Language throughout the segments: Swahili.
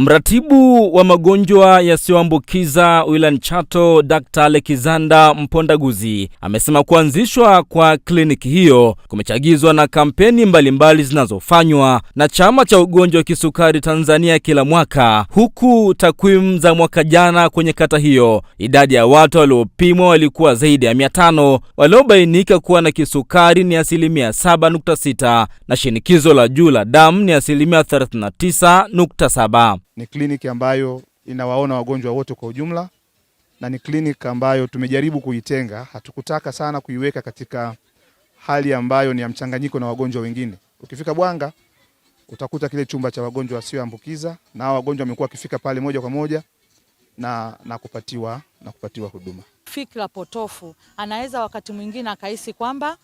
Mratibu wa magonjwa yasiyoambukiza wilayani Chato, dr Alexander Mpondaguzi amesema kuanzishwa kwa kliniki hiyo kumechagizwa na kampeni mbalimbali zinazofanywa na Chama cha Ugonjwa wa Kisukari Tanzania kila mwaka, huku takwimu za mwaka jana kwenye kata hiyo, idadi ya watu waliopimwa walikuwa zaidi ya 500, waliobainika kuwa na kisukari ni asilimia 7.6 na shinikizo la juu la damu ni asilimia 39.7. Ni kliniki ambayo inawaona wagonjwa wote kwa ujumla na ni kliniki ambayo tumejaribu kuitenga. Hatukutaka sana kuiweka katika hali ambayo ni ya mchanganyiko na wagonjwa wengine. Ukifika Bwanga utakuta kile chumba cha wagonjwa wasioambukiza, na wagonjwa wamekuwa wakifika pale moja kwa moja na, na kupatiwa na kupatiwa huduma. Fikra potofu, anaweza wakati mwingine akahisi kwamba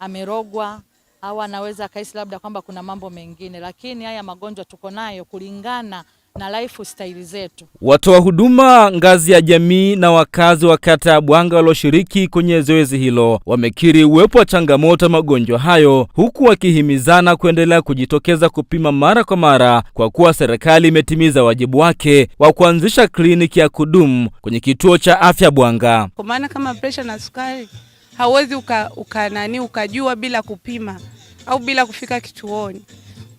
amerogwa au anaweza akahisi labda kwamba kuna mambo mengine, lakini haya magonjwa tuko nayo kulingana na lifestyle zetu. Watoa huduma ngazi ya jamii na wakazi wa kata ya Bwanga walioshiriki kwenye zoezi hilo wamekiri uwepo wa changamoto magonjwa hayo, huku wakihimizana kuendelea kujitokeza kupima mara kwa mara, kwa kuwa serikali imetimiza wajibu wake wa kuanzisha kliniki ya kudumu kwenye kituo cha afya Bwanga, kwa maana kama presha na sukari hauwezi ukanani uka ukajua bila kupima au bila kufika kituoni.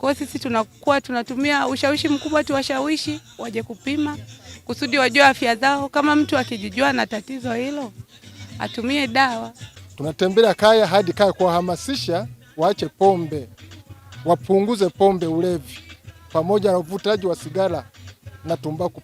Kwa hiyo sisi tunakuwa tunatumia ushawishi mkubwa, tuwashawishi waje kupima kusudi wajue afya zao. Kama mtu akijijua na tatizo hilo atumie dawa. Tunatembelea kaya hadi kaya kuwahamasisha waache pombe, wapunguze pombe, ulevi pamoja na uvutaji wa sigara na tumbaku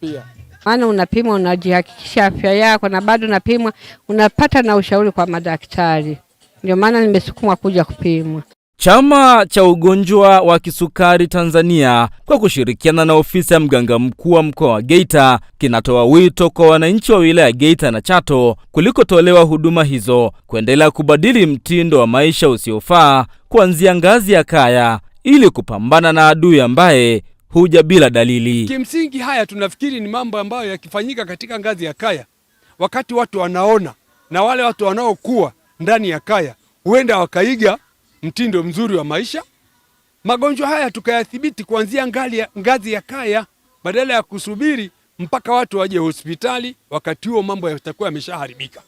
pia maana unapimwa unajihakikisha afya yako, na bado unapimwa unapata na ushauri kwa madaktari. Ndio maana nimesukumwa kuja kupimwa. Chama cha ugonjwa wa kisukari Tanzania kwa kushirikiana na ofisi ya mganga mkuu wa mkoa wa Geita kinatoa wito kwa wananchi wa wilaya Geita na Chato kulikotolewa huduma hizo kuendelea kubadili mtindo wa maisha usiofaa kuanzia ngazi ya kaya ili kupambana na adui ambaye huja bila dalili. Kimsingi, haya tunafikiri ni mambo ambayo yakifanyika katika ngazi ya kaya, wakati watu wanaona na wale watu wanaokuwa ndani ya kaya huenda wakaiga mtindo mzuri wa maisha. Magonjwa haya tukayadhibiti kuanzia ngazi ya kaya, badala ya kusubiri mpaka watu waje hospitali. Wakati huo mambo yatakuwa yameshaharibika.